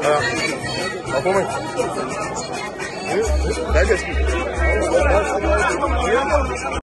啊，我问问，来点。杯？